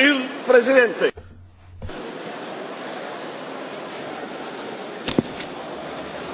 il presidente.